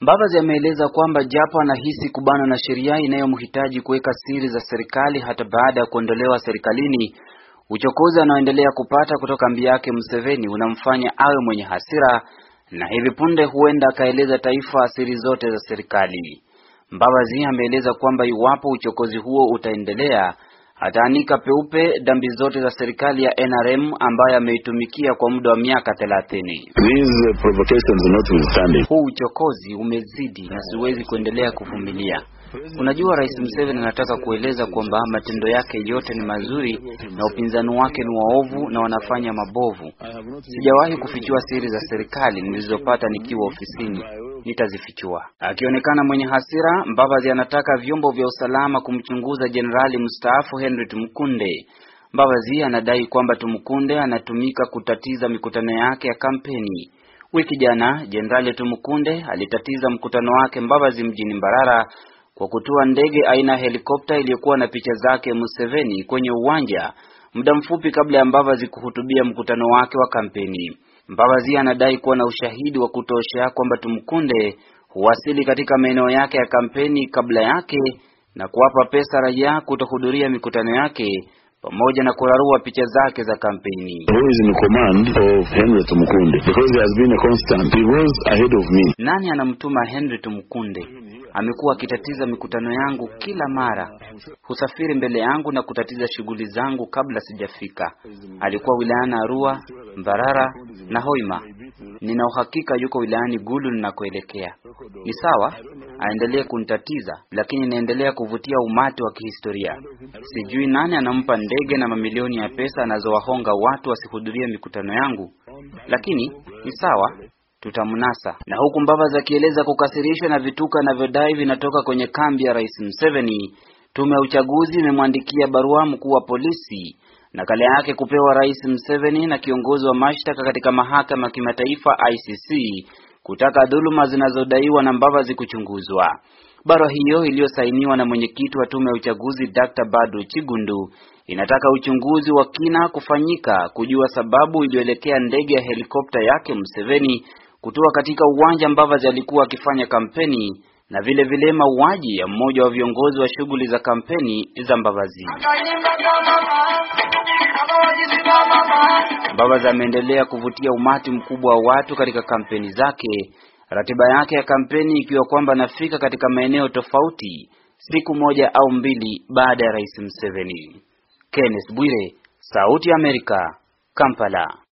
Mbabazi ameeleza kwamba japo anahisi kubanwa na sheria inayomhitaji kuweka siri za serikali hata baada ya kuondolewa serikalini, uchokozi anaoendelea kupata kutoka mbi yake Museveni unamfanya awe mwenye hasira na hivi punde huenda akaeleza taifa siri zote za serikali. Mbabazi ameeleza kwamba iwapo uchokozi huo utaendelea, ataanika peupe dambi zote za serikali ya NRM ambayo ameitumikia kwa muda wa miaka 30. Uh, Huu uchokozi umezidi na siwezi kuendelea kuvumilia. Unajua, Rais Museveni anataka kueleza kwamba matendo yake yote ni mazuri na upinzani wake ni waovu na wanafanya mabovu. Sijawahi kufichua siri za serikali nilizopata nikiwa ofisini nitazifichua. Akionekana mwenye hasira, Mbabazi anataka vyombo vya usalama kumchunguza jenerali mstaafu Henry tumkunde Mbabazi anadai kwamba tumkunde anatumika kutatiza mikutano yake ya kampeni. Wiki jana Jenerali tumkunde alitatiza mkutano wake Mbabazi mjini Mbarara kwa kutua ndege aina ya helikopta iliyokuwa na picha zake Museveni kwenye uwanja muda mfupi kabla ya Mbabazi kuhutubia mkutano wake wa kampeni. Mbabazi anadai kuwa na ushahidi wa kutosha kwamba tumkunde huwasili katika maeneo yake ya kampeni kabla yake na kuwapa pesa raia kutohudhuria mikutano yake pamoja na kurarua picha zake za kampeni. Nani anamtuma Henry tumkunde Amekuwa akitatiza mikutano yangu kila mara, husafiri mbele yangu na kutatiza shughuli zangu kabla sijafika. Alikuwa wilayani Arua, Mbarara na Hoima. Nina uhakika yuko wilayani Gulu ninakoelekea. Ni sawa aendelee kunitatiza, lakini inaendelea kuvutia umati wa kihistoria. Sijui nani anampa ndege na mamilioni ya pesa anazowahonga watu wasihudhurie mikutano yangu, lakini ni sawa tutamnasa. Na huku mbaba kieleza kukasirishwa na vituka anavyodai vinatoka kwenye kambi ya Rais Museveni, tume ya uchaguzi imemwandikia barua mkuu wa polisi nakala yake kupewa Rais Museveni na kiongozi wa mashtaka katika mahakama ya kimataifa ICC kutaka dhuluma zinazodaiwa na Mbavazi kuchunguzwa. Barua hiyo iliyosainiwa na mwenyekiti wa tume ya uchaguzi Dr. Badu Chigundu inataka uchunguzi wa kina kufanyika kujua sababu iliyoelekea ndege ya helikopta yake Museveni kutua katika uwanja Mbavazi alikuwa akifanya kampeni na vile vile mauaji ya mmoja wa viongozi wa shughuli za kampeni za Mbabazi. Mbabazi ameendelea kuvutia umati mkubwa wa watu katika kampeni zake, ratiba yake ya kampeni ikiwa kwamba anafika katika maeneo tofauti siku moja au mbili baada ya Rais Museveni. Kenneth Bwire, Sauti ya Amerika, Kampala.